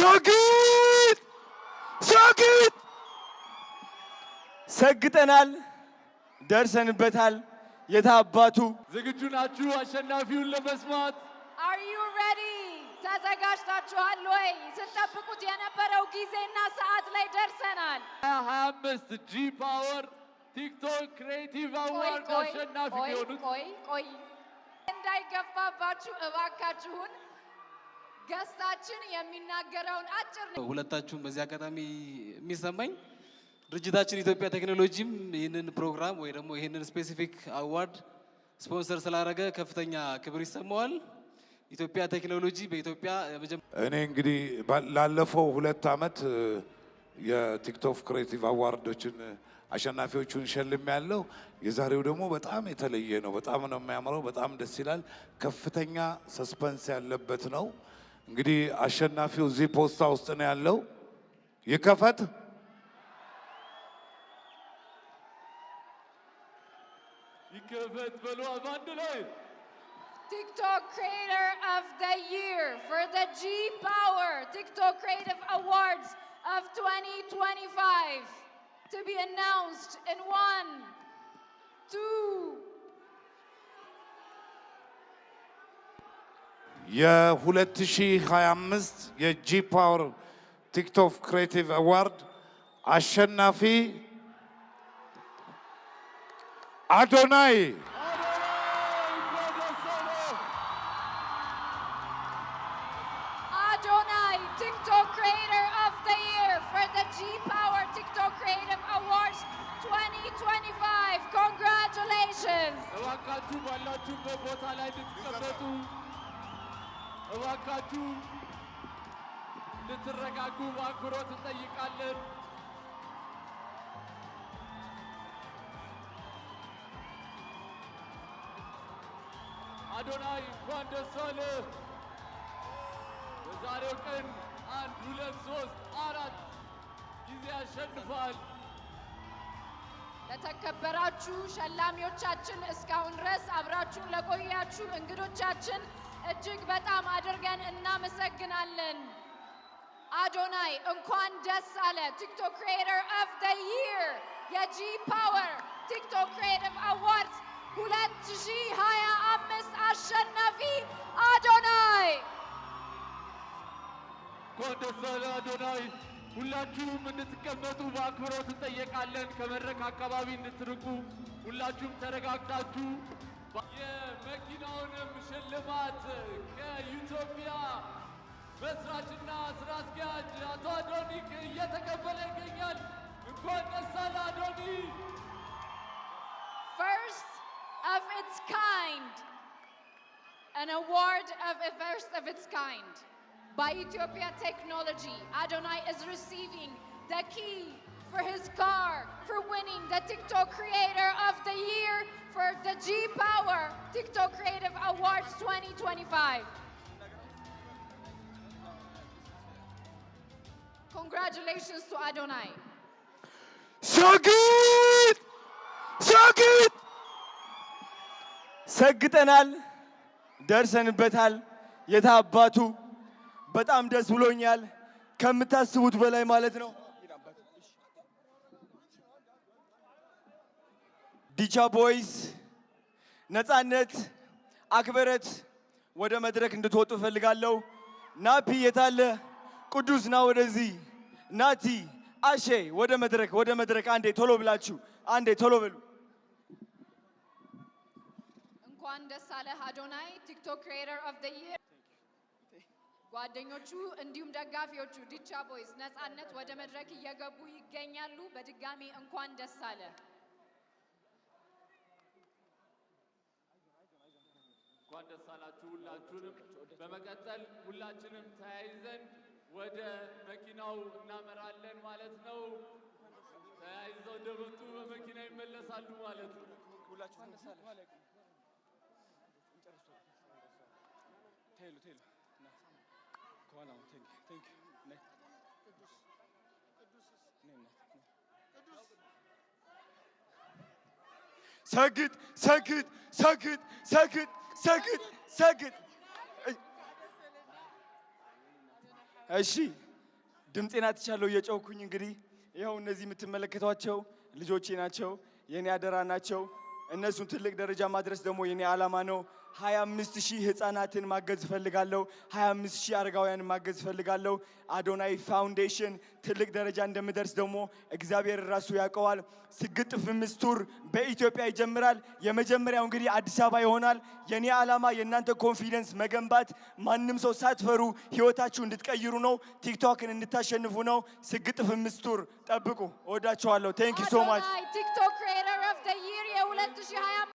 ሰግጥ ሰግጥ ሰግጠናል፣ ደርሰንበታል። የታባቱ ዝግጁ ናችሁ? አሸናፊውን ለመስማት አር ዩ ሬዲ? ተዘጋጅታችኋል ወይ? ስንጠብቁት የነበረው ጊዜና ሰዓት ላይ ደርሰናል። 25 ጂ ፓወር ቲክቶክ ክሬቲቭ አዋርድ አሸናፊ ሆኑት። ቆይ ቆይ እንዳይገፋባችሁ እባካችሁን ገስታችን የሚናገረውን አጭር ነው። ሁለታችሁም በዚህ አጋጣሚ የሚሰማኝ ድርጅታችን ኢትዮጵያ ቴክኖሎጂም ይህንን ፕሮግራም ወይ ደግሞ ይህንን ስፔሲፊክ አዋርድ ስፖንሰር ስላደረገ ከፍተኛ ክብር ይሰማዋል። ኢትዮጵያ ቴክኖሎጂ በኢትዮጵያ እኔ እንግዲህ ላለፈው ሁለት ዓመት የቲክቶክ ክሬቲቭ አዋርዶችን አሸናፊዎቹን ሸልም ያለው የዛሬው ደግሞ በጣም የተለየ ነው። በጣም ነው የሚያምረው። በጣም ደስ ይላል። ከፍተኛ ሰስፐንስ ያለበት ነው። እንግዲህ አሸናፊው እዚህ ፖስታ ውስጥ ነው ያለው። ይከፈት። ይከፈት በሉ አንድ ላይ TikTok Creator of the Year for the G Power TikTok Creative Awards of 2025 to be announced in one, two, የ2025 የጂ ፓወር ቲክቶክ ክሬቲቭ አዋርድ አሸናፊ አዶናይ Adonai, TikTok Creator of the Year for the G Power TikTok Creative Awards 2025. Congratulations! እባካችሁ ልትረጋጉ በአክብሮት እንጠይቃለን። አዶናይ እንኳን ደስ አለ በዛሬው ቀን አንድ ሁለት ሶስት አራት ጊዜ ያሸንፋል። ለተከበራችሁ ሸላሚዎቻችን፣ እስካሁን ድረስ አብራችሁን ለቆያችሁ እንግዶቻችን እጅግ በጣም አድርገን እናመሰግናለን። አዶናይ እንኳን ደስ አለ። ቲክቶክ ክሪኤተር ኦፍ ዘ ይር የጂ ፓወር ቲክቶክ ክሪኤቲቭ አዋርድ 2025 አሸናፊ አዶናይ። እንኳን ደስ አለ አዶናይ። ሁላችሁም እንድትቀመጡ በአክብሮት እንጠየቃለን። ከመድረክ አካባቢ እንድትርቁ ሁላችሁም ተረጋግታችሁ የመኪናውንም ሽልማት ከኢትዮጵያ መስራችና ስራ አስኪያጅ አቶ አዶኒክ እየተቀበለ ይገኛል። እንኳን ደስ አዶኒ። First of its kind, an award of a first of its kind by Ethiopia Technology. Adonai is receiving the key for his car, for winning the TikTok Creator of the Year for the G Power TikTok Creative Awards 2025. Congratulations to Adonai. ሸግት ሸግት ሰግጠናል፣ ደርሰንበታል። የታባቱ በጣም ደስ ብሎኛል፣ ከምታስቡት በላይ ማለት ነው። ዲቻ ቦይስ፣ ነፃነት፣ አክበረት ወደ መድረክ እንድትወጡ እፈልጋለሁ። ናፒ የታለ? ቅዱስ ና ወደዚህ። ናቲ አሼ ወደ መድረክ ወደ መድረክ። አንዴ ቶሎ ብላችሁ አንዴ ቶሎ ብሉ። እንኳን ደስ አለ አዶናይ ቲክቶክ ክሪኤተር ኦፍ ዘ ኢየር። ጓደኞቹ እንዲሁም ደጋፊዎቹ ዲቻ ቦይስ ነፃነት ወደ መድረክ እየገቡ ይገኛሉ። በድጋሚ እንኳን ደስ አለ። እንኳን ደስ አላችሁ ሁላችሁንም። በመቀጠል ሁላችንም ተያይዘን ወደ መኪናው እናመራለን ማለት ነው። ተያይዘው ደበቱ በመኪና ይመለሳሉ ማለት ነው። ሰግጥ ሰግጥ ሰግጥ ሰግጥ ሰግድ ሰግድ። እሺ ድምፄን አጥቻለሁ እየጮኩኝ። እንግዲህ ይኸው እነዚህ የምትመለከቷቸው ልጆቼ ናቸው፣ የእኔ አደራ ናቸው። እነሱን ትልቅ ደረጃ ማድረስ ደግሞ የኔ ዓላማ ነው። 25 ሺህ ህፃናትን ማገዝ እፈልጋለሁ። 25 ሺህ አረጋውያንን ማገዝ እፈልጋለሁ። አዶናይ ፋውንዴሽን ትልቅ ደረጃ እንደምደርስ ደግሞ እግዚአብሔር ራሱ ያውቀዋል። ስግጥ ፍምስ ቱር በኢትዮጵያ ይጀምራል። የመጀመሪያው እንግዲህ አዲስ አበባ ይሆናል። የኔ ዓላማ የእናንተ ኮንፊደንስ መገንባት፣ ማንም ሰው ሳትፈሩ ህይወታችሁ እንድትቀይሩ ነው። ቲክቶክን እንድታሸንፉ ነው። ስግጥ ፍምስ ቱር ጠብቁ። እወዳችኋለሁ። ቴንክ ዩ ሶ ማች Elektrische Haie